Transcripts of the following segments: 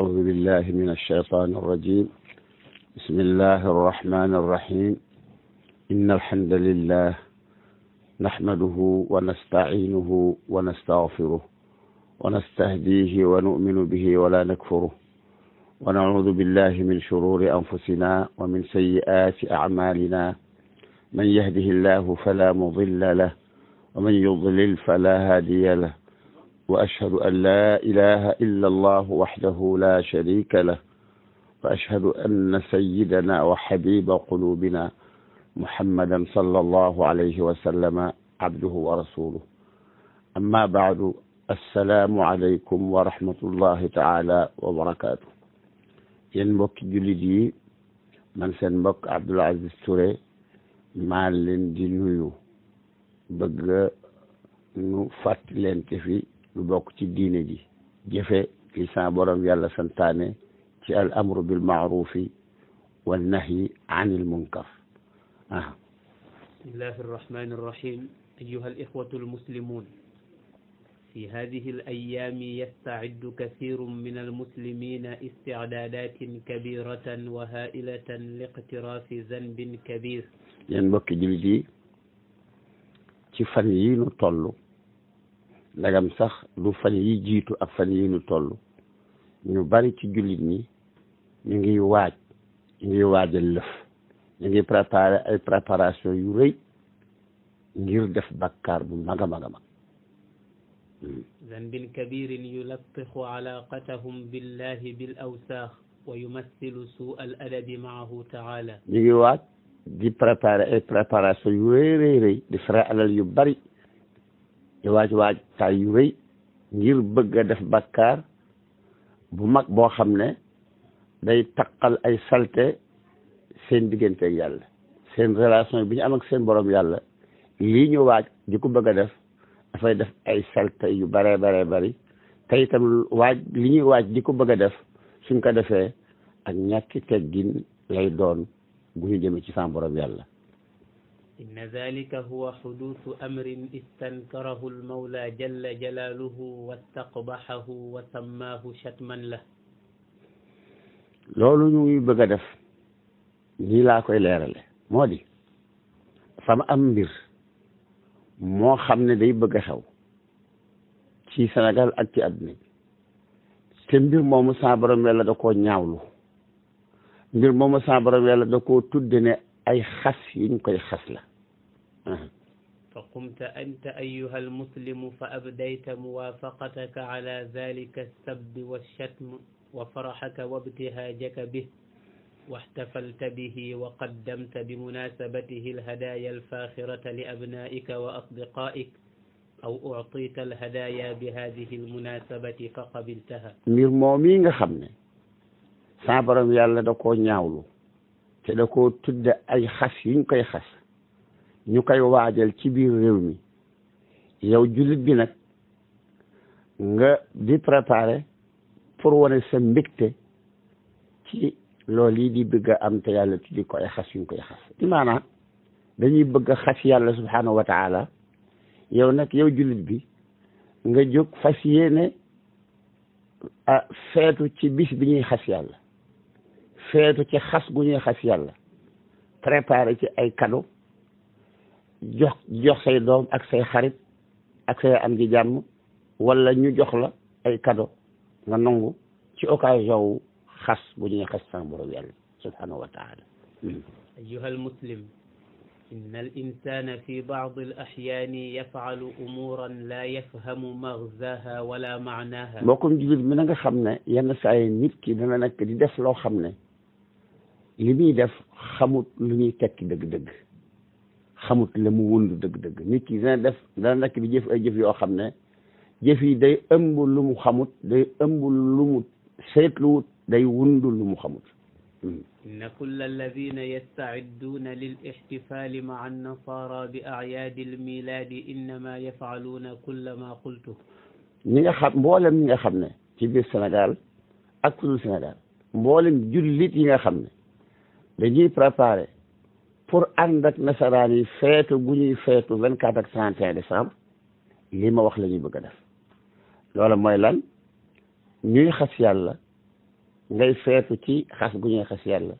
أعوذ بالله من الشيطان الرجيم بسم الله الرحمن الرحيم إن الحمد لله نحمده ونستعينه ونستغفره ونستهديه ونؤمن به ولا نكفره ونعوذ بالله من شرور أنفسنا ومن سيئات أعمالنا من يهده الله فلا مضل له ومن يضلل فلا هادي له وأشهد أن لا إله إلا الله وحده لا شريك له وأشهد أن سيدنا وحبيب قلوبنا محمدا صلى الله عليه وسلم عبده ورسوله أما بعد السلام عليكم ورحمة الله تعالى وبركاته ينبك جلدي من سنبك عبد العزيز mbokk مالين دي نيو maa leen di nuyu lu bokk ci diine ji jëfe li sa borom yàlla santaane ci al amru bil maarufi wal nahyi anil munkar ah bismillahi arrahmani arrahim أيها الإخوة المسلمون في هذه الأيام يستعد كثير من المسلمين استعدادات كبيرة وهائلة لاقتراف ذنب كبير يعني بك جلدي تفنيين طلو ndagam sax du fan yi jiitu ak fan yi ñu toll ñu bari ci jullit ñi ñu ngi waaj ñu ngi waajal lëf ñu ngi préparé ay préparation yu rëy ngir def bakkaar bu mag a mag a mag hmm. zanbin kabirin yulattixu alaqatahum billahi bil awsaax wa yumassilu suu al adabi maahu taala ñu ngi waaj di préparé ay préparation yu rëy rëy rëy di fara alal yu bari di waaj waaj yu rëy ngir bëgg def bakkaar bu mag boo xam ne day taqal ay salte seen diggante yàlla seen relation bi ñu am ak seen borom yàlla lii ñu waaj di ko bëgg a def dafay def ay salte yu bare bare bari te itam waaj li ñuy waaj di ko bëgg a def suñ ko defee ak ñàkki teggin lay doon gu ñu jëme ci seen borom yàlla inna dalika huwa xuduusu amrin istankarahu almawla jalla jalaaluhu wastaqbaxahu wa sammaahu chatman la loolu ñu ngi bëgg def lii laa koy leerale moo di sama am mbir moo xam ne day bëgg xew ci senegal ak ci àdduna bi te mbir moomu sa borom yàlla da koo ñaawlu mbir moomu sa borom yàlla da koo tudde ne ay xas yuñ koy xas la فقمت أنت أيها المسلم فأبديت موافقتك على ذلك السب والشتم وفرحك وابتهاجك به واحتفلت به وقدمت بمناسبته الهدايا الفاخرة لأبنائك وأصدقائك أو أعطيت الهدايا بهذه المناسبة فقبلتها مير مومي خمنا سابرم يالا دكو نياولو تدكو تد أي خس ينقى خس ñu koy waajal ci biir réew mi yow jullit bi nag nga di préparer pour wane sa mbégte ci loolu yi di bëgg a am te yàlla tuddi ko ay xas yu ñu koy xas di dañuy bëgg a xas yàlla subhanahu wa taala yow nag yow jullit bi nga jóg fas yéene ah feetu ci bis bi ñuy xas yàlla feetu ci xas gu ñuy xas yàlla préparer ci ay cadeau jox jox say doom ak say xarit ak say am di jàmm wala ñu jox la ay cadeau nga nongu ci occasion wu xas bu ñuy xass sa borom yàlla subhanahu wa taala ayyuha al muslim إن الإنسان في بعض الأحيان يفعل أمورا لا يفهم مغزاها ولا معناها بكم جيل من nga xamne yenn say nit ki dana nek di def lo xamne limi def xamut limi tek deug deug xamut la mu wund deug deug nit ki da def da nak bi jëf ay jëf yo xamne jëf yi day ëmb lu mu xamut day ëmb lu mu sétlu day wund lu mu xamut إن كل الذين يستعدون للاحتفال مع النصارى بأعياد الميلاد إنما يفعلون كل ما قلته. نيا خب مولم نيا خبنا تبي السنغال أكل السنغال مولم جل لي تيا خبنا بيجي بحاجة pour andak ak nasaraan yi feetu 24 ak 31 décembre li ma wax la bëgg def loola moy lan ñuy xass yàlla ngay feetu ci xass gu xass yàlla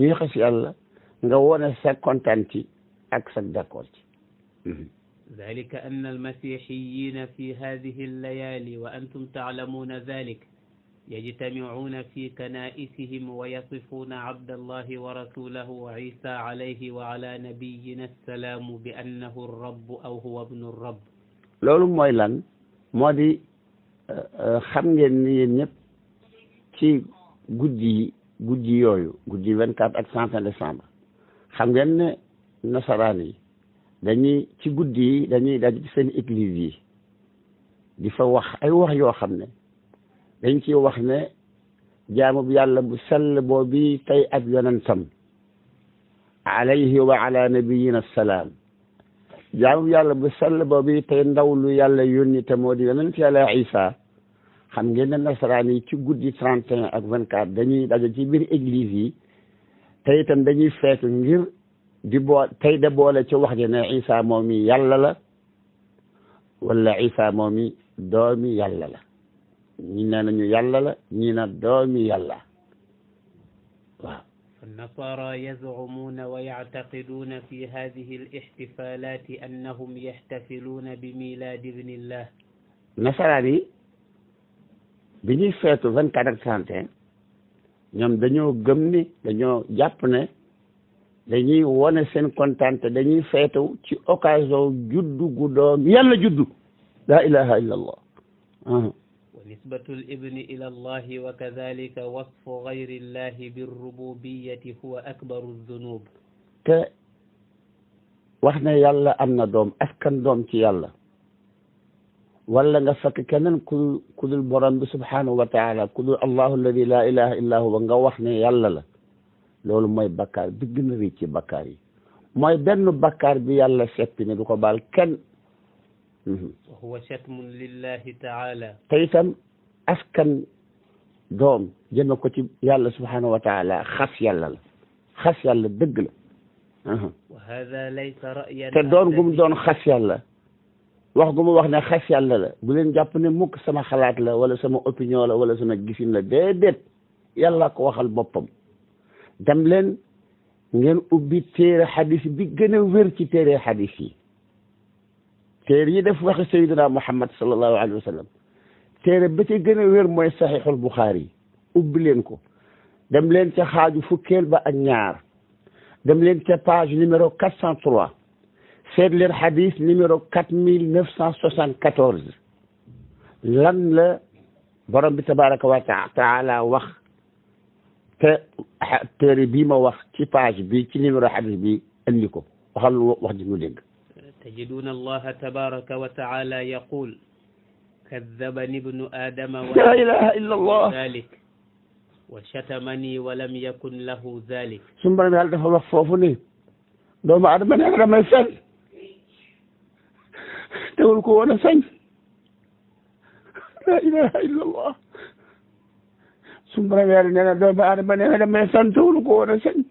ñuy xass yàlla nga wone sa kontaan ci ak sa d'accord ci ذلك أن المسيحيين في هذه الليالي وأنتم تعلمون ذلك يجتمعون في كنائسهم ويصفون عبد الله ورسوله وعيسى عليه وعلى نبينا السلام بأنه الرب أو هو ابن الرب لولو موي مودي خام نين ني نيب تي يويو غودي 24 اك 100 ديسمبر خام نين نصراني داني تي غودي داني داج سين ايكليزي دي فا اي واخ يو dañ ci wax ne jaamu bu yàlla bu sell boobi tey ab yonentam alayhi wa ala nabiyina salaam jaamu bu yàlla bu sell boobi tey ndaw lu yàlla yónni te moo di yonent yàlla Isa xam ngeen ne nasaraan yi ci guddi trente ak vingt dañuy daje ci biir église yi tey itam dañuy feet ngir di boo tey de boole ci wax ji ne Isa moom mi yàlla la wala Isa moom mi doomi yàlla la ñi nee nañu yàlla la ñi na doomi yàlla waaw النصارى يزعمون ويعتقدون في هذه الاحتفالات أنهم يحتفلون بميلاد ابن الله nasaraan yi bi ñuy feetu vingt quatre ak trente et ñoom dañoo gëm dañoo jàpp ne dañuy wone seen kontaan te dañuy feetu ci occasion juddu gu doom juddu laa ilaha illa allah nisbatul ibni ila allahi wa kadalika wasfu gayri llahi birrububiyati huwa akbaru zunub te wax ne yàlla am na doom askan doom ci yàlla wala nga fekk keneen ku ku dul borom bi subhanahu wa taala ku dul allahu alladi laa ilaha illa huwa nga wax ne yàlla la loolu mooy bakkaar bi gën a rëy ci bakkaar yi mooy benn bakkaar bi yàlla seppi ne du ko baal kenn wa huwa shatmun lillahi taala te itam askan doom jëme ko ci yàlla subhanahu wa taala xas la xas dëgg la mm-hmm. wa doon gum doon xas yàlla wax gu mu wax na xas yàlla la bu leen jàpp ne mukk sama xalaat la wala sama opinion la wala sama gisin la déedéet yàlla ko waxal boppam dem leen ngeen ubbi téere xadis bi gën a wér ci téere xadis تيري يدف وخي سيدنا محمد صلى الله عليه وسلم تيري بتي جنة وير موي صحيح البخاري أبلينكو دم لين تخاج فوكيل با أنيار دم لين تباج نمرو 403 سير لير حديث نمرو 4974 لان لا برم تبارك وتعالى وخ تيري بيما وخ تباج بي تنمرو حديث بي أنيكو وخلو وخدي نودينكو تجدون الله تبارك وتعالى يقول كذبني ابن آدم لا إله إلا الله ذلك وشتمني ولم يكن له ذلك ثم بعد هل دفع مخفوفني دوم ما عرف من يعرف ما يسأل تقول كون سن لا إله إلا الله ثم بعد هل دفع مخفوفني من يعرف ما يسأل تقول كون سن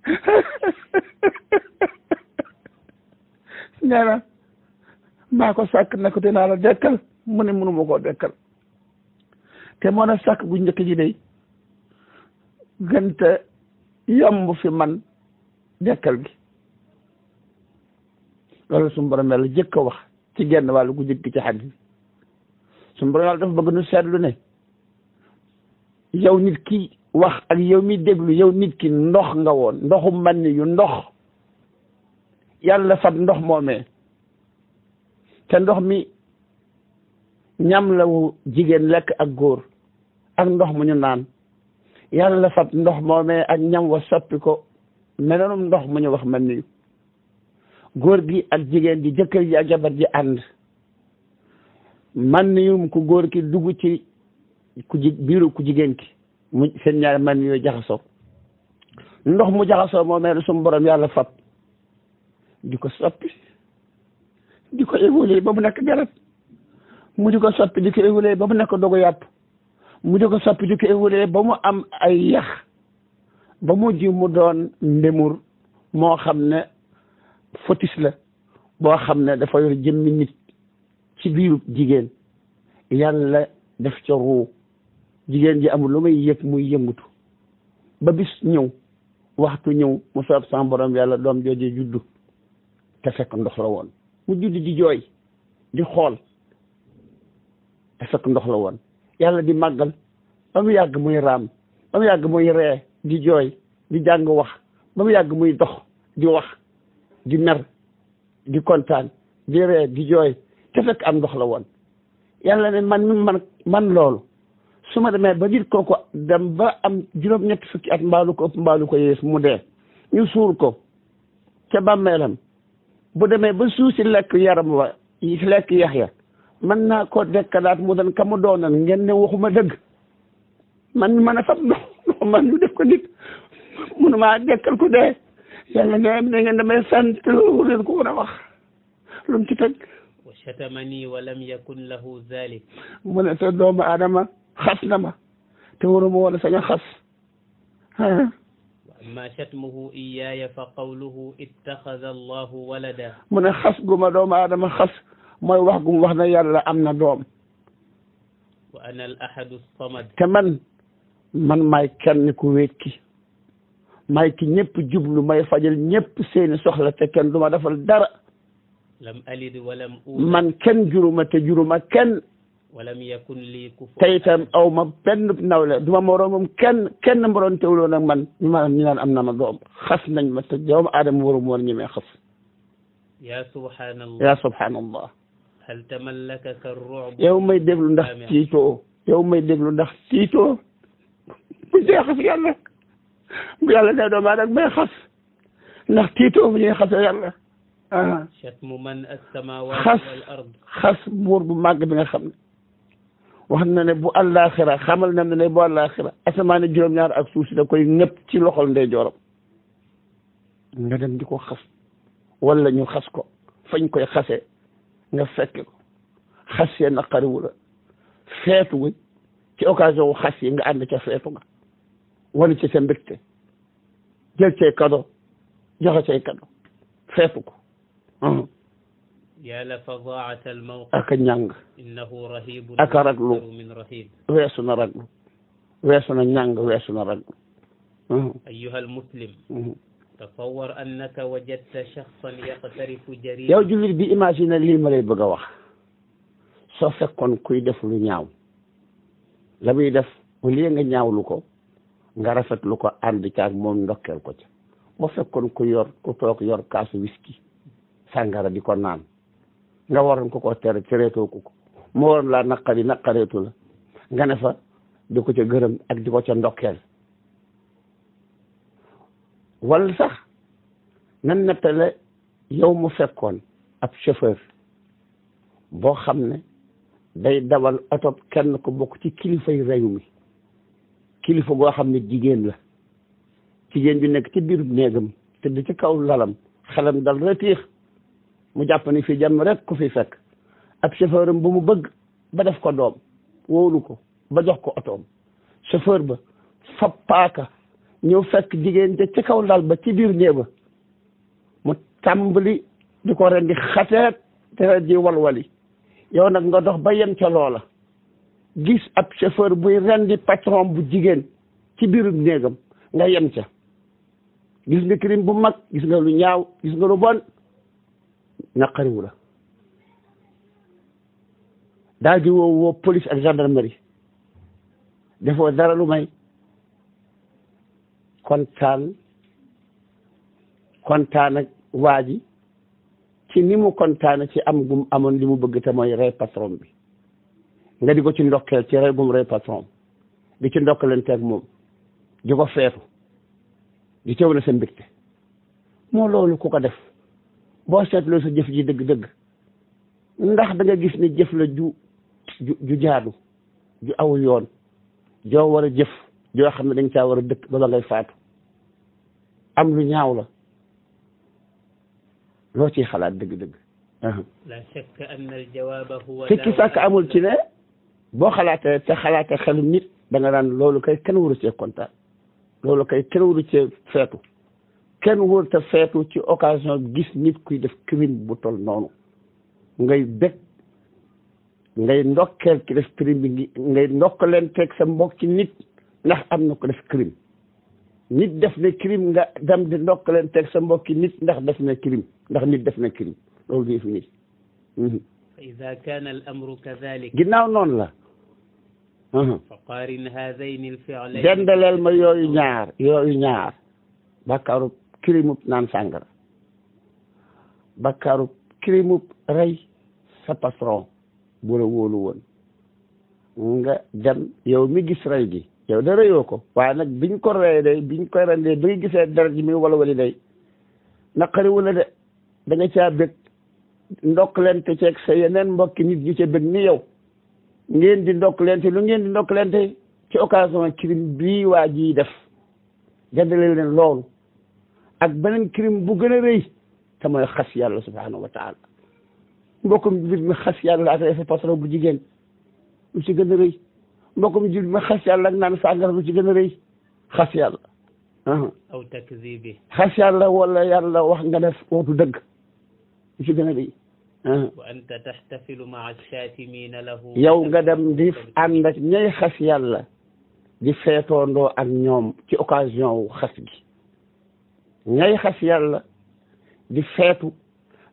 nee maa ko sàkk ne ko dinaa la dekkal mu ne mënuma koo dekkal te moo ne sàkk bu njëkk ji day gënte yomb fi man dekkal gi loolu suñu borom yàlla jëkk a wax ci genn wàllu gu jëkk ci xadis suñu borom yàlla bëgg nu seetlu ne yow nit kii wax ak yow mi déglu yow nit ki ndox nga woon ndoxu man yu ndox yàlla fab ndox moomee te ndox mi ñam la wu jigéen lekk ak góor ak ndox mu ñu naan yàlla fab ndox moomee ak ñam wa soppi ko melenum ndox mu ñu wax man yu góor gi ak jigéen ji jëkkër ji ak jabar ji ànd man yum ku góor ki dugg ci ku ji biiru ku jigéen ki mu seen ñaari man yooyu jaxasoo ndox mu jaxasoo moom mel suñu borom yàlla fab di ko soppi di ko évoluer ba mu nekk garab mu di ko soppi di ko évoluer ba mu nekk dogu yàpp mu ko soppi di ba mu am ay yax ba mu ji mu doon ndemur moo xam ne fotis la boo xam ne dafa yor jëmmi nit ci biiru jigéen yàlla def ca jigéen ji amul lu may yëg muy yëngutu ba bis ñëw waxtu ñëw mu soob sama borom yàlla doom jooje juddu te fekk ndox la woon mu judd di jooy di xool te fekk ndox la woon yàlla di màggal ba mu yàgg muy raam ba mu yàgg muy ree di jooy di jàng wax ba mu yàgg muy dox di wax di mer di kontaan di ree di jooy te fekk am ndox la woon yàlla ne man man loolu su ma demee ba nit kooku dem ba am juróom-ñetti fukki at mbaalu ko ëpp mbaalu ko yées mu dee ñu suur ko ca bàmmeelam bu demee ba suuf si lekk yaram wa si lekk yax ya mën naa ko dekk dekkalaat mu doon ka mu doonan ngeen ne waxuma dëgg man mën a fab do man ñu def ko nit mënumaa ku dee yàlla ne ne ngeen damay sant loolu leen ko war a wax lu mu ci teg wa chatamani wa lam yakun lahu zalik mu ne sa doomu aadama خاص نما تورم ولا سنة خاص ها ما شتمه إياي فقوله اتخذ الله ولدا من خاص قوم دوم آدم خاص ما يروح قوم وحنا يا أمنا دوم وأنا الأحد الصمد كمن من ما كان كويتكي ما يكن يب جبل ما يفجر يب سين سخلة كان دوم دفع الدرق لم ألد ولم أولد من كن جرمة جرمة كان ولم يكن لي كفوا تيتم او ما بن بن دوما مروم كن كان مرون تولون من ما من امنا مضوم خصنا ما تجوم ادم مروم ورني ما خص يا سبحان الله يا سبحان الله هل تملكك الرعب يوم يدبل ندخ تيتو يوم يدبل ندخ تيتو بجا خص يلا يلا دا دوما ما خص ندخ تيتو بجا خص يلا شتم من السماوات والارض خص مور بماك بن خمس wax na ne bu àllaaxira xamal na ne bu àllaaxira asamaan juróom-ñaar ak suuf si da koy ñëpp ci loxol ndeyjooram nga dem di ko xas wala ñu xas ko fañ koy xase nga fekk ko xas yee ci occasion wu xas yi nga ànd ca feetu nga wane ci sa mbégte jël cay kado joxe cay kado feetu ko ak a ñàng ak a raglu weesu na raglu weesu na ñàng weesu na raglu hmm. ayyuhal muslim hmm. tasawwar annaka wajadta shakhsan yaqtarifu jarima yow jullit bi imagine lii ma lay bëgg a wax soo fekkoon kuy def lu ñaaw la muy def au lieu nga ñaawlu ko nga rafetlu ko ànd caag moom ndokkeel ko ca boo fekkoon ku yor ku toog yor kaasu wiski sàngara di ko naan nga waroon ko koo tere tereetoo ko ko mu waroon laa naqari naqareetu la nga ne fa di ko ca gërëm ak di ko ca ndokkeel wala sax nan nettale yow mu fekkoon ab chauffeur boo xam ne day dawal oto kenn ko bokk ci kilifay réew mi kilifa goo xam ne jigéen la jigéen bi nekk ci biiru néegam te di ci kaw lalam xelam dal retiix mu jàpp ne fii jàmm rek ku fi fekk ak chauffeur bu mu bëgg ba def ko doom wóolu ko ba jox ko otoom chauffeur ba fab paaka ñëw fekk jigéen ja ci kaw lal ba ci biir néeg ba mu tàmbali di ko rendi xateet te ji walwali yow nag nga dox ba yem ca loola gis ab chauffeur buy rendi patron bu jigéen ci biir néegam nga yem ca gis nga crime bu mag gis nga lu ñaaw gis nga lu naqariwu la daal di woo woo police ak gendarmerie defoo dara lu may kontaan kontaan ak waa ji ci ni mu ci am gum amoon li mu bëgg te rey patron bi nga di ko ci ndokkeel ci rey gum rey patron di ci ndokkalante ak moom di ko feetu di teew na sa mbégte moo loolu ku ko def boo seetloo sa jëf ji dëgg-dëgg ndax da gis ni jëf la ju ju ju ju aw yoon joo war a jëf joo xam ne dañ caa war a dëkk ba ba ngay faatu am lu ñaaw la loo ciy xalaat dëgg-dëgg. Uh-huh. la shakka sàkk amul ci ne boo xalaatee te xalaatee xelu nit da nga loolu kay kenn waru cee kontaan feetu. kenn wër te feetu ci occasion gis nit kuy def crime bu tol noonu ngay bég ngay ndokkeel ki def crime bi ngay ndokk teg sa mbokk ci nit ndax am na ko def crime nit def na crime nga dem di ndokk leen teg sa mbokk ci nit ndax def na crime ndax nit def na crime loolu di mhm. ginnaaw noonu la mhm. fa qaarin haadayn al fi'layn ma yooyu ñaar yooyu ñaar bàkkaaru kirimub naan sàngara bakkaaru kirimub rey sa patron bu la wóolu woon nga dem yow mi gis rey gi yow da reyoo ko waaye nag biñ ko rey day biñ koy rendee bi nga gisee deret ji mi wala wali day naqariwu de da nga caa bëgg ndokkalante ceeg sa yeneen mbokki nit yi ca bëgg ni yow ngeen di ndokkalante lu ngeen di ndokkalante ci occasion crime bii waa ji def jëndale leen loolu ak beneen crime bu gën a rëy te mooy xas yàlla subhanahu wa taala mbokkum jullit mi xas yàlla ak refe patron bu jigéen lu ci gën a rëy mbokkum jullit mi xas yàlla ak naan sàngara lu ci gën a rëy xas yàlla aw takzibi xas yàlla wala yàlla wax nga def wootu dëgg lu gën a rëy wa anta tahtafilu maa shaatimiina lahu yow nga dem di ànd ak ñay xas yàlla di feetoondoo ak ñoom ci occasion wu xas gi ñay xas yàlla di feetu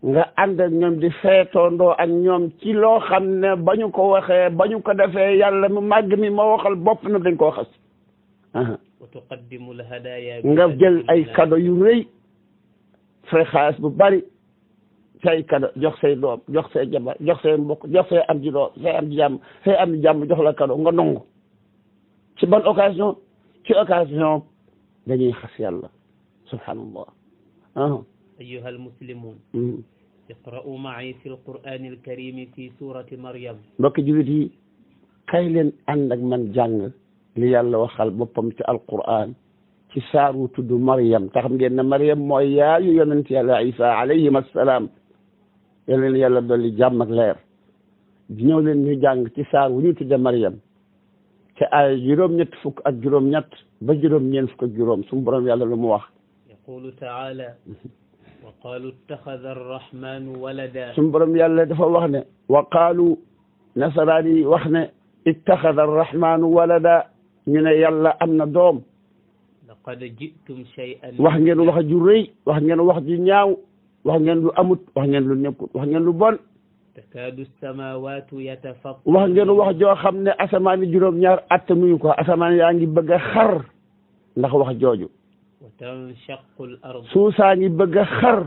nga ànd ak ñoom di ndoo ak ñoom ci loo xam ne ba ko waxee bañu ko defee yàlla mu màgg mi ma waxal bopp na dañ koo xas nga jël ay kado yu rëy fay xaalis bu bari say kado jox say doom jox say jabar jox say mbokk jox say am ji doom say am ji jàmm am ji jox la kado nga nongu ci ban occasion ci occasion dañuy xas yàlla subhaanallah ah ayyuha almuslimun iqra'u ma'i fi alqur'ani alkarimi fi surati maryam mbokk julit yi kay leen ànd man jàng li yàlla wax boppam ci alqur'an ci saaru tudd maryam te xam ngeen ne maryam mooy yaayu yonent yàlla isa alayhim assalaam yal leen yàlla dolli jàmm ak leer di ñëw leen ñu jàng ci saar wu ñu tudde maryam ci ay juróom-ñett fukk ak juróom-ñett ba juróom-ñeent fukk ak juróom suñu yàlla lu mu wax يقول تعالى وقالوا اتخذ الرحمن ولدا سنبرم يلا دف وخنا وقالوا نصراني وخنا اتخذ الرحمن ولدا من يلا امنا دوم لقد جئتم شيئا وخنا وخ جوري وخنا وخ دي نياو وخنا لو اموت وخنا لو نيكوت وخنا لو بون تكاد السماوات يتفطر وخنا وخ جو خامني اسماني جوروم نيار اتمي كو اسماني ياغي بغا خار ndax wax jojo suusaañi bëgg a xar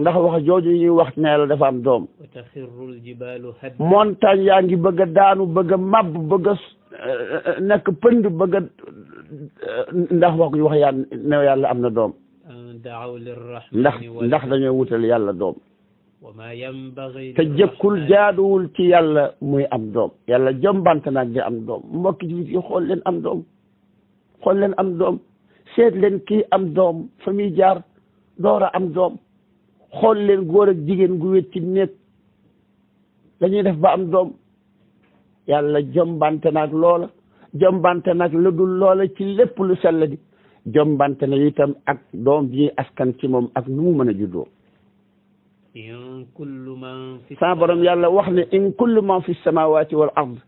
ndax wax jooju ñuy wax ne la dafa am doom montagne yaa ngi bëgg a daanu bëgg a màbb bëgg a nekk pënd bëgg a ndax wax wax yaa ne yàlla am na doom ndax ndax dañoo wutal yàlla doom te jëkkul jaaduwul ci yàlla muy am doom yàlla jombante naag di am doom mbokki ji xool leen am doom xool leen am doom seet leen kii am doom fa muy jaar door am doom xool leen góor ak jigéen gu wét ci nekk dañuy def ba am doom yàlla jombante naag loola jombante naag lu dul loola ci lépp lu sell di jombante na itam ak doom ji askan ci moom ak nu mu mën a juddoo sa borom yàlla wax ne in kullu man fi samawati wal ard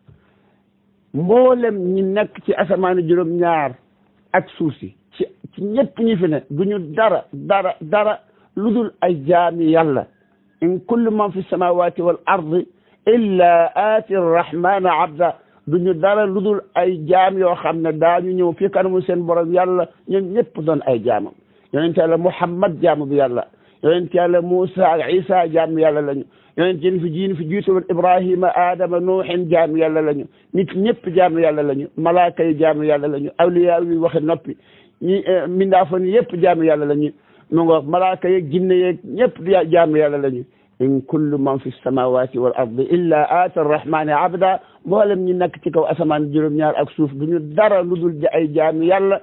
mboolem ñi nekk ci asamaanu juróom ñaar ak suuf si ñëpp ñi fi ne duñu dara dara dara ludul ay jaami yàlla in kullu man fi samawati wal ardi illa ati arrahman abda duñu dara ludul ay jaam yo xamne dañu ñëw fi kanu seen borom yàlla ñun ñëpp doon ay jaamam yonent yàlla muhammad jaamu bi yàlla yonent yàlla musa ak Isa jaam yàlla lañu yonent jin fi jin fi jitu woon Ibrahima Adama Nuuhin jaam yàlla lañu nit ñëpp jaam yàlla lañu malaaka yi jaam yàlla lañu awliya wi waxe nopi إن كل من في السماوات والأرض إلا آت الرحمن عبدا مهلم منك تكو أسمان جرم يار أكسوف بن الدر لدل جاي جامع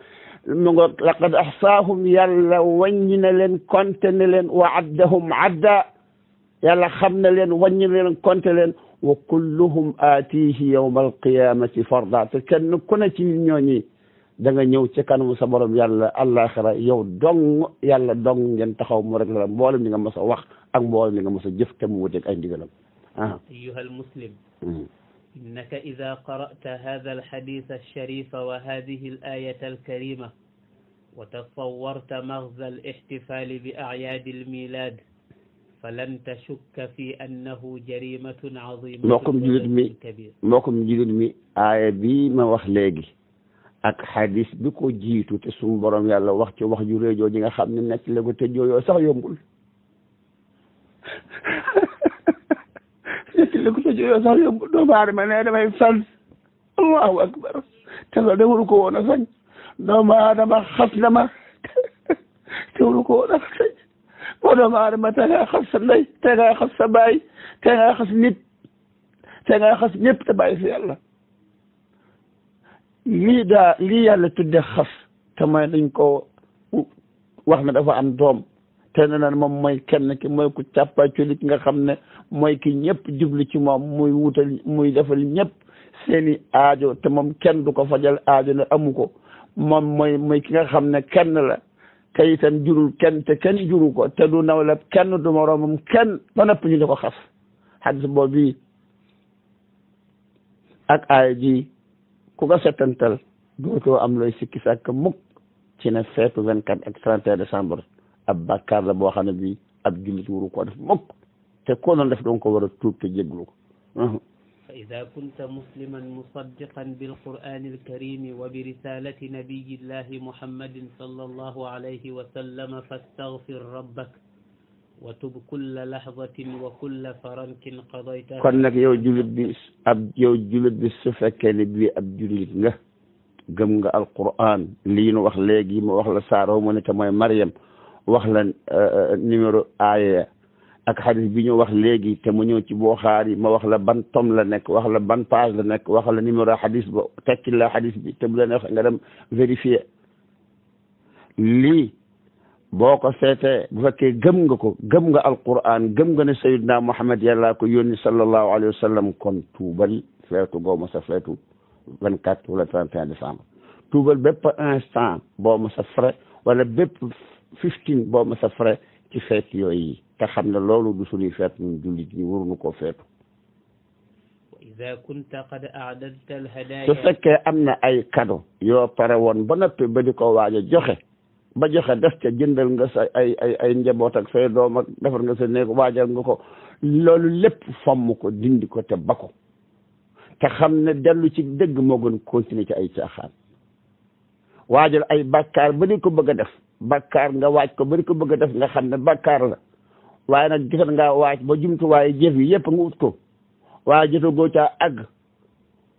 نقول لقد أحصاهم يلا وين لن كنت لن وعدهم عدا يلا خمن لن وين لن كنت لن وكلهم آتيه يوم القيامة فرضا تكن كنا تي نيوني da nga ñëw ci kanamu sa borom yàlla alakhirah yow dong yàlla dong ngeen taxaw mu rek la mboolem ni nga mësa wax ak mboolem ni nga mësa jëf te mu wuteeg ay ndigalam ah ayyuha almuslim إنك إذا قرأت هذا الحديث الشريف وهذه الآية الكريمة وتصورت مغزى الاحتفال بأعياد الميلاد فلن تشك في أنه جريمة عظيمة موكم جلد مي موكم جلد مي آية بي ما واخ لغي ak xadis bi ko jiitu te suñu borom yàlla wax ci wax ju réejoo ji nga xam ne nekk la ko te jooyoo sax yombul nekk la ko te jooyoo sax yombul doomu aadama ne dafay fan allahu akbar te la dewul ko woon a sañ doomu aadama xas na ma dewul ko woon a sañ moo doomu aadama te nga xas sa ndey te nga xas sa baay te nga xas nit te nga xas ñëpp te bàyyi si yàlla lii daa lii yàlla tudde xas te mooy dañ ko wax ne dafa am doom te ne naan moom mooy kenn ki mooy ku càppaculi ki nga xam ne mooy ki ñëpp jublu ci moom muy wutal muy defal ñépp seeni aajo te moom kenn du ko fajal aajo ne amu ko moom mooy mooy ki nga xam ne kenn la te itam jurul kenn te kenn juru ko te du naw la kenn du moroomam kenn ba nopp ñu di ko xas xadis boobu ak aaya ji ku ko setantal dootoo am loy sikki sak mukk ci na feetu 24 ak 31 décembre ab bakkar la bo xamne bi ab jullit wuro ko def mukk te ko non def don ko wara tout te jéglu ko. fa ida kunta musliman musaddiqan bilqur'an alkarimi wa birisalati nabiyillahi muhammadin sallallahu alayhi wa sallam fastaghfir wa tub kulla lahzatin wa kulla farantin qadayta kon nag yow jullit bi ab yow jullit su fekkee ne bii ab jullit nga gëm nga alquran lii nu wax léegi mu wax la saaro mu ne te mooy Mariam wax la euh, euh, numéro aaya ak xadis bi ñu wax léegi te mu ñëw ci Buxaari ma wax la ban tom la nekk wax la ban page la nekk wax la numéro xadis ba tekki la xadis bi te bu la nga dem vérifier lii boo ko seetee bu fekkee gëm nga ko gëm nga alquran gëm nga ne sayidna muhammad yàllaa ko yónni sallallahu alayhi wa sallam kon tuubal feetu boo ma sa feetu vingt quatre wala trente et un décembre tuubal bépp instant boo ma sa frais wala bépp fifteen boo ma sa frais ci feet yooyu te xam ne loolu du suñuy feet ñun jullit ñi waruñu koo feetu su fekkee am na ay cadeau yoo pare woon ba noppi ba di ko waaj a joxe ba joxe des ca jëndal nga sa ay ay ay njaboot ak say doom ak defar nga sa néeg waajal nga ko loolu lépp fomm ko dindi ko te bakko te xam ne dellu ci dëgg moo gën continuer ci ay caaxaan waajal ay bàkkaar ba di ko bëgg a def bàkkaar nga waaj ko ba di ko bëgg a def nga xam ne bakkaar la waaye nag gisal nga waaj ba jumtuwaayu jëf yi yëpp nga ut ko waaye jotagoo caa àgg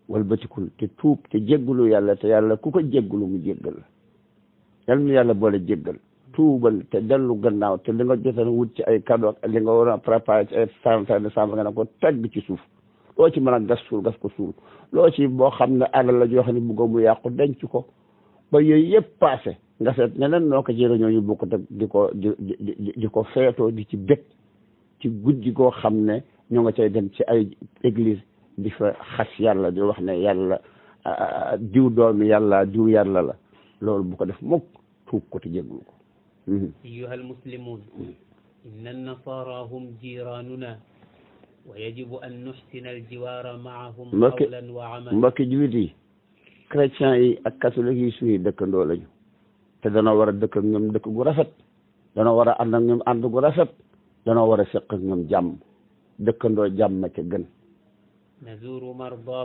wal batikul te tuub te jéggulu yàlla te yàlla ku ko jéggulu mu jéggal la yal na yàlla boole jéggal tuubal te dellu gannaaw te li nga jotoon wut ci ay cadeau ak li nga war a préparé ci ay trente décembre nga ne ko teg ci suuf loo ci mën a gas suul gas ko suul loo ci boo xam ne alal la joo xam ne bëggoo mu yàqu denc ko ba yooyu yëpp passé nga seet neneen noo ko ci réunion yu bokk teg di ko ko feetoo di ci bég ci guddi koo xam ne ñoo nga cay dem ci ay église di fa xas yàlla di wax ne yàlla ah, ah, diw doomi yàlla diw yàlla la loolu bu ko def mukk tuub ko te jéglu ko mhm. ayyuha almuslimun inna an-nasara hum jiranuna wa yajibu an nuhsina aljiwara maahum qawlan wa amala mbokki julit yi chrétiens yi ak catholique yi suñuy dëkkandoo lañu te dana war a dëkk ak ñoom dëkk gu rafet dana war a ànd ak ñoom ànd gu rafet dana war a seq ak ñoom jàmm dëkkandoo jàmm ca gën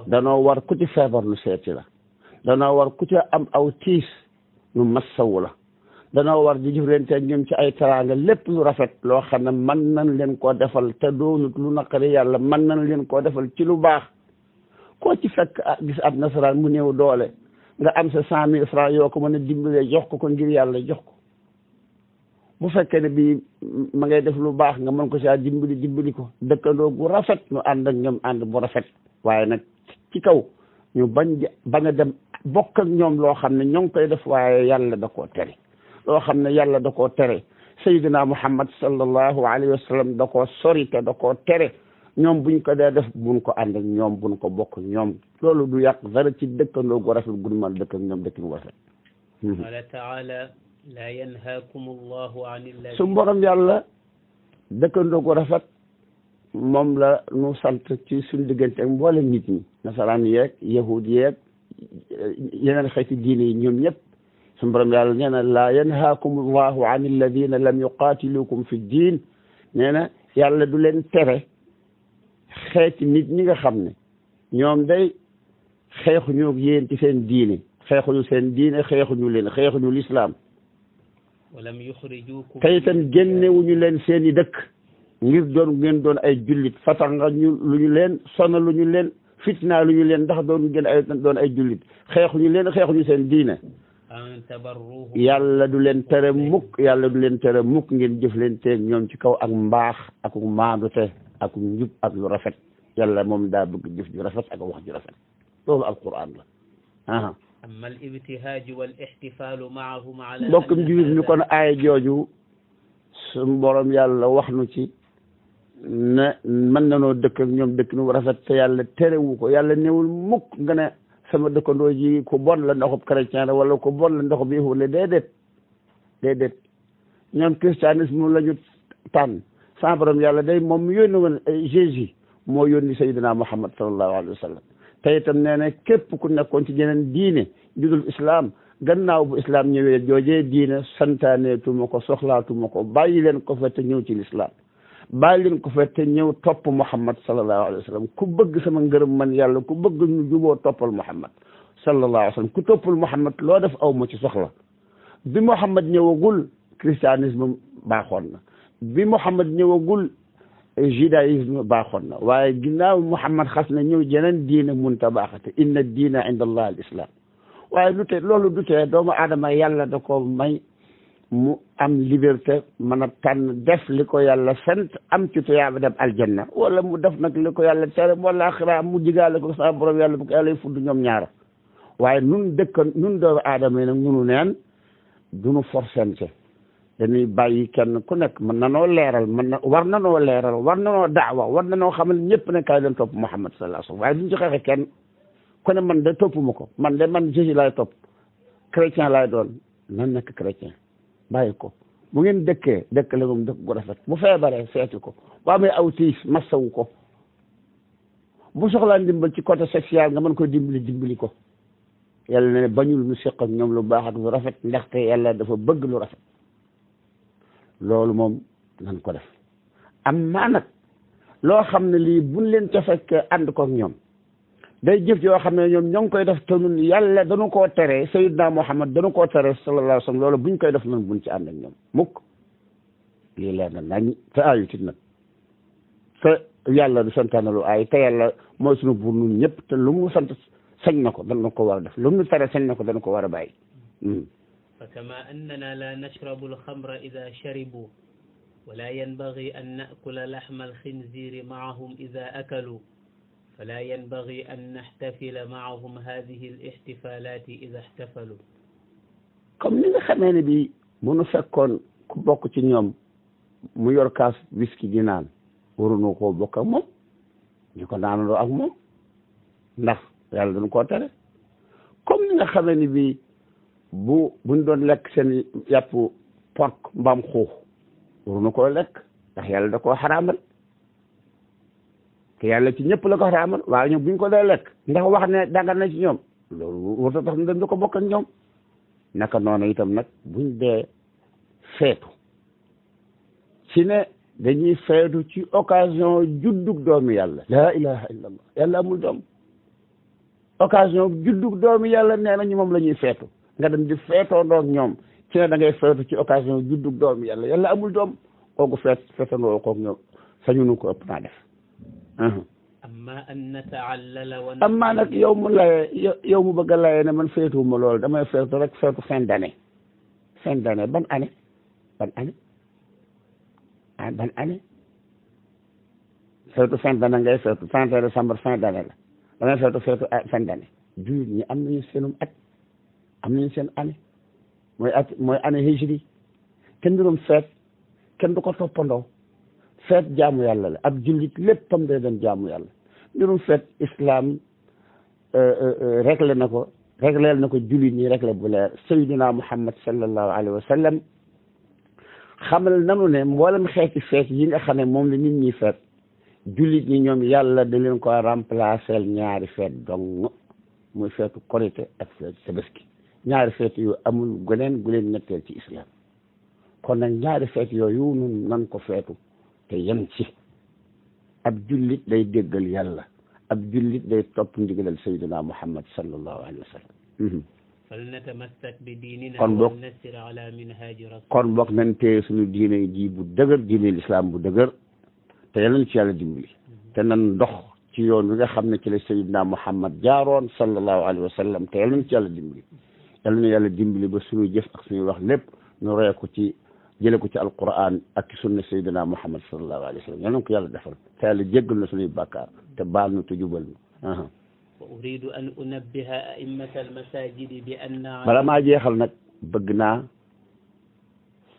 danoo war ku ci feebar nu seeti la danoo war ku ci am aw tiis nu massawu la danoo war di jëflanteeg ñoom ci ay teraanga lépp lu rafet loo xam ne man nañ leen koo defal te doonut lu naqari yàlla mën nañ leen koo defal ci lu baax ko ci fekk ah, gis ab nasaraan mu néew doole nga am sa cent mille francs yoo ko mën a dimbalee jox ko ko ngir yàlla jox ko bu fekkee ne bii ma ngay def lu baax nga mën ko saa dimbali dimbali ko dëkkandoo gu rafet ñu ànd ak ñoom ànd bu rafet waaye nag ci kaw ñu bañ bañ a dem bokk ñoom loo xam ne ñoo ngi koy def waaye yàlla da koo tere loo xam ne yàlla da koo tere sayyidina muhammad sallallahu alayhi wa sallam da koo te tere ñoom buñ ko dee def bun ko ànd ñoom buñ ko bokk ñoom loolu du yàq dara ci dëkkandoo gu rafet gu mën dëkk ñoom dëkk bu rafet hmm. qaala taala laa yanhaakum allahu gu rafet moom la nu sant ci suñu diggante ak mboolem nit ñi nasaraan yeeg yeneen xeeti diine yi ñoom ñëpp suñu borom yàlla nee na laa yanhaakum allahu an alladina lam yuqatilukum fi diin nee na yàlla du leen tere xeeti nit ñi nga xam ne ñoom day xeexuñu ak yéen ci seen yi xeexuñu seen diine xeexuñu leen xeexuñu lislaam walam génnewuñu leen seen i dëkk ngir doon ngeen doon ñu leen fitnaalu ñu leen ndax doon gën ay doon ay jullit xeexuñu xeex xeexuñu seen diine yàlla du leen tere mukk yàlla du leen tere mukk ngeen leen jëflanteeg ñoom ci kaw ak mbaax ak maandute ak njub ak lu rafet yàlla moom daa bëgg jëf ju rafet ak wax ju rafet loolu alquran la aha amma al ibtihaaj wal ihtifaal maahum ala ñu kon aaya jooju suñu borom wax nu ci ne mën nanoo dëkk ñoom dëkk nu rafet te yàlla terewu ko yàlla newul mukk nga ne sama dëkkandoo ji ko bon la ndoxub chrétien la wala ko bon la ndoxub yahud la déedéet déedéet ñoom christianisme la ñu tànn sans borom yàlla dey moom mu yónni woon Jésus moo yónni Seydina Muhammad sallallahu alayhi wa sallam te itam nee na képp ku nekkoon ci jeneen diine judul islam gannaaw bu islam ñëwee joojee diine santaanee tuma ko soxlaatuma ko bàyyi leen ko fa ñëw ci l'islam bàyyi leen ko fa te ñëw topp Muhammad sallallahu alayhi wa sallam ku bëgg sama ngërëm man yàlla ku bëgg ñu juboo toppal Muhammad sallallahu alayhi wa sallam ku toppul Muhammad loo def aw ma ci soxla bi Muhammad ñëwagul christianisme baaxoon na bi Muhammad ñëwagul judaïsme baaxoon na waaye ginnaaw Muhammad xas na ñëw jeneen diina munta baaxate inna diina inda allah al islam waaye lu te loolu du tee doomu aadama yàlla da ko may mu am liberté mën a tànn def li ko yàlla sant am ci tuyaaba dem aljanna wala mu def nag li ko yàlla tere wala xira mu jigaale ko sa borom yàlla bu ko yàlla fudd ñoom ñaara waaye nun dëkkan nun doomu aadama yi nag munu neen duñu forcente dañuy bàyyi kenn ku nekk mën na noo leeral mën na war na noo leeral war na noo daawa war na noo xamal ñëpp ne kaay leen topp Muhammad sallallahu alayhi wasallam kenn ku ne man de ko man de man Jésus laay topp chrétien laay doon nan nekk chrétien bàyyi ko bu ngeen dëkkee dëkk la moom dëkk gu rafet bu feebaree seeti ko bu amee aw tiis massawu ko bu soxlaa ndimbal ci côté social nga mën ko dimbali dimbali ko yàlla ne bañul nu seq ak ñoom lu baax ak lu rafet ndaxte yàlla dafa bëgg lu rafet loolu moom nan ko def am maa nag loo xam ne lii bu leen ca fekkee ànd ko ak ñoom day jëf yo xamne ñom ñong koy def te ñun yàlla dañu ko tere sayyidna Muhammad dañu ko tere sallallahu alayhi wasallam loolu buñ koy def ñun buñ ci ànd ak ñom mukk li leer na nañ fa ayuti nak fa yàlla du santaane lu aay te yàlla mo suñu bu ñun ñëpp te lu mu sant sañ nako dañu ko wara def lu mu tere sañ na ko dana ko war a bàyyi. فكما أننا لا نشرب الخمر إذا شربوا ولا ينبغي أن نأكل لحم الخنزير معهم إذا أكلوا فلا ينبغي أن نحتفل معهم هذه الاحتفالات إذا احتفلوا كم نيغا خاماني بي مونو فيكون كو بوكو سي نيوم مو يور كاس ويسكي دي نان ورونو كو نيكو نانو اك موم ناخ يالا دون كو كم نيغا خاماني بي بو بون دون لك سين يابو بورك مبام خوخ ورونو كو لك ndax yalla te yàlla ci ñëpp la ko xaraamal waaye ñoom bu ñu ko dee lekk ndax wax ne danga na ci ñoom loolu a tax ñu ko bokk ak ñoom naka noonu nag buñ dee feetu dañuy feetu ci occasion juddug doomi yàlla laa ilaha illa yàlla amul doom occasion juddug doomi yàlla nee nañu moom la ñuy feetu nga dem di feetandoo ak ñoom ci ne da ngay feetu ci occasion juddug doomi yàlla yàlla amul doom kooku feet feetandoo koog ñoom sañu nu ko ëpp naa def Uh-huh. amma an yow mu laye yow mu bëgg a laye ne man féetuwuma loolu damay féetu rek féetu fin d'année fin d'année ban année ban année ah ban année féetu fin d'année ngay féetu 31 décembre fin la damay féetu féetu ah, fin jur ñi am nañu seenum at am nañu seen année mooy at mooy année hijri kenn du doon feet kenn du ko toppandoo feet jaamu yàlla la ak jullit léppam day doon jaamu yàlla mbirum feet islam euh, euh, euh, réglé na ko régleel na ko jullit ñi réglé bu leer sayyidina muhammad sallallahu alayhi wa sallam xamal nanu ne mboolem xeeti feet yi nga xam ne moom la nit ñi feet jullit ñi ñoom yàlla di leen ko remplacer ñaari feet dong muy feetu korité ak feetu tabaski ñaari feet yu amul leen gu leen ñetteel ci islam kon nag ñaari feet yooyu nun nan ko feetu te yem ci ab jullit day déggal yàlla ab jullit day topp ndigalal sayyidina muhammad sallallahu alayhi wa sallam falnatamassak bi diinina kon boog nasir ala minhaji rasul kon boog nañ téye suñu ji bu dëgër diine lislaam bu dëgër te yàlla ci yàlla dimbali mhm. te nan dox ci yoon wi nga xam ne ci la sayyidina muhammad jaaroon sallallahu alayhi wa sallam te ci yàlla dimbali yàlla na ba suñu jëf ak suñu wax lépp ñu roye ci jële ko ci alquran ak ci sunna sayyidina muhammad sallallahu alayhi wa sallam yal na ko yàlla defal te yàlla jéggal na suñuy bàkkaar te baal nu te jubal nu wa uridu an unabbiha a'immata almasajidi bi anna bala maa jeexal nag bëgg naa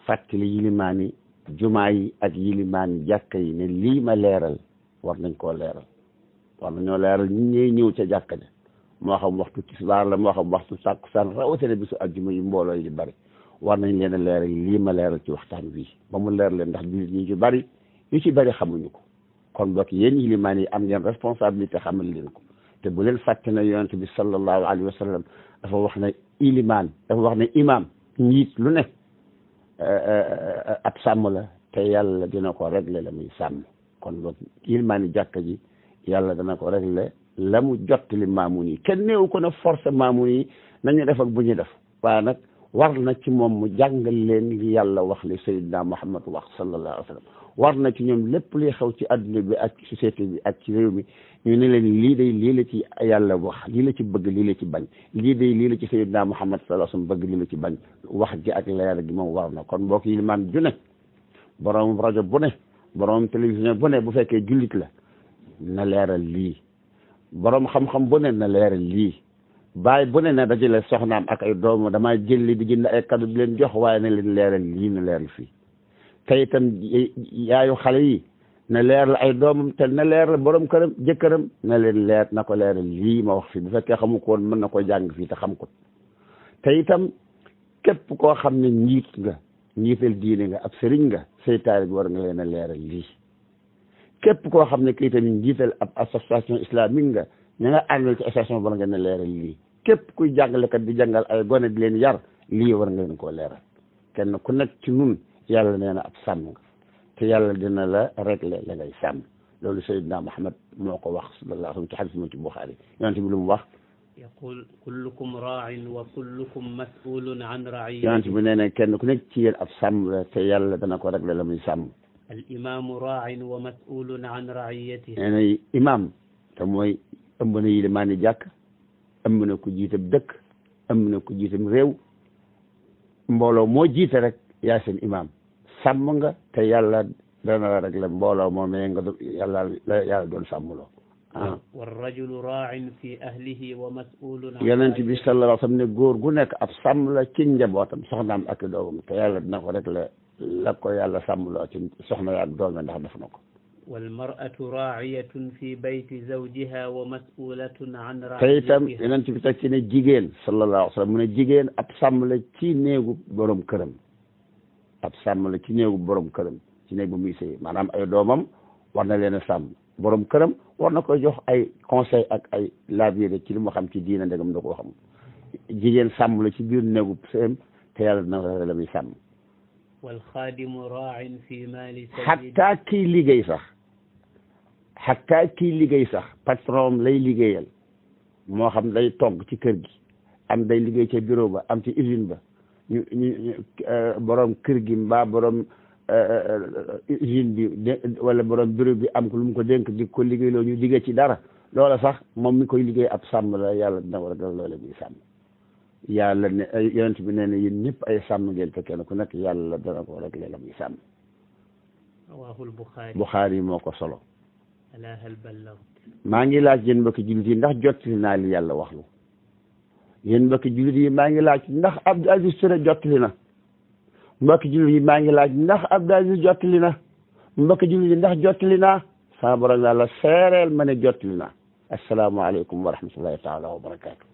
fàttali yilimaani jumaa yi ak yilimaani jàkka yi ne lii ma leeral war nañ koo leeral war nañoo leeral ñi ñey ñëw ca jàkka ja moo xam waxtu tisbaar la moo xam waxtu sàkkusaan rawatina bisu àjjuma yi mbooloo yi di bari war nañ leen a leeral lii ma leeral ci waxtaan wi ba mu leer leen ndax jullit ñi ci bari yu ci bari xamuñu ko kon bokk yéen yilimaan yi am ngeen responsabilité xamal leen ko te bu leen fàtte na yonent bi sallallahu alayhi wa sallam dafa wax na ilimaan dafa wax ne imaam njiit lu ne euh, euh, ab sàmm la te yàlla dina ko régler la muy sàmm kon bokk yilimaan yi ji yàlla dana ko régler la mu jottali maamun yi kenn néew ko ne force maamun yi nañu def ak bu ñu def waaye nag war na ci moom mu jàngal leen li yàlla wax li sayyidina Muhammad wax sallallahu alayhi wa sallam war na ci ñoom lépp liy xew ci adduna bi ak société bi ak ci réew mi ñu ne leen lii day lii la ci yàlla wax lii la ci bëgg lii la ci bañ lii day ci sayyidina Muhammad sallallahu alayhi bëgg lii la ci bañ wax ji ak leer gi moom war na kon mbokk yi man ju ne borom rajo bu ne borom télévision bu ne bu fekkee jullit la na leeral lii borom xam-xam bu ne na leeral lii baay bu na ne dajale soxnaam ak ay doomu damaa jëlli di jënd ay kàddu di leen jox waaye na leen leeral lii na leeral fii tey itam yaayu xale yi na leer la ay doomam te na leer la borom këram jëkkëram na leen leer na ko leeral lii ma wax fii bu fekkee xamu ko mën na ko jàng fii te xam ko tey itam képp koo xam ne njiit nga njiital diine nga ab sëriñ nga seytaane bi war nga leen a leeral lii képp koo xam ne kii itam njiital ab association islamique nga ña nga àndal ci station war nga ne leeral képp kuy jàngalekat di jàngal ay gone di leen yar lii war nga leen koo leeral kenn ku nekk ci nun yàlla nee na ab sàmm nga te yàlla dina la régler la ay sàmm loolu Seydina Muhammad moo ko wax sallallahu alayhi wa sallam ci xadis mu ci Buxaari yonent bi lu mu wax yaqul kullukum raa'in wa kullukum mas'ulun an ra'iyyatihi yonent bi nee na kenn ku nekk ci yéen ab sàmm la te yàlla dana ko régler la muy sàmm al imaamu raa'in wa mas'ulun an ra'iyyatihi nee ëmb na yilimaani jàkk ëmb na ko jiitam dëkk ëmb na ko jiitam réew mbooloo moo jiite rek yaay seen imaam sàmm nga te yàlla dana la rek la mbooloo moomee nga yàlla la yàlla doon sàmmloo ah warrajulu raa'in fi ahlihi wa mas'ulun yonent bi sallallahu alayhi wa sallam ne góor gu nekk ab sàmm la ci njabootam soxnaam ak doomam te yàlla dina ko rek la la ko yàlla sàmmloo ci soxna ya ak doome ndax def na ko والمرأة راعية في بيت زوجها ومسؤولة عن رعيتها كيف إن أنت بتكتين الجيجين صلى الله عليه وسلم من الجيجين أبسام لكي نيغو بروم كرم أبسام لكي نيغو بروم كرم تنيغو ميسي مانام أي دومم وانا لين سام بروم كرم وانا كو جوخ أي كونسي أك أي لابير كيلو مخام تي دينا دغم دغو خام جيجين سام لكي بيون نيغو بسيم تيال نغرر لبي سام والخادم راع في مال سيده حتى كي ليغي صح xakkaa kii liggéey sax patron lay liggéeyal moo xam day togg ci kër gi am day liggéey ca bureau ba am ci usine ba ñu ñu euh, borom kër gi mbaa borom euh, euh, usine bi wala borom bureau bi am ko lu mu ko dénk di ko liggéeyloo ñu liggéey ci dara loola sax moom mi koy liggéey ab sàmm la yàlla dina war a dal loola muy sàmm yàlla ne yonent bi nee na yéen ñëpp ay sàmm ngeen te kenn ku nekk yàlla dana ko rek leela muy sàmm. Buxaari moo ko solo. ألا هل بلغت ما نجي لا جن بك جلدي نح جت لنا اللي الله وحلو جن بك جلدي ما نجي لا جن نح عبد العزيز سر جت لنا بك جلدي ما نجي لا جن نح عبد العزيز جت لنا بك جلدي نح جت لنا سامبرنا الله سير المن جت لنا السلام عليكم ورحمة الله تعالى وبركاته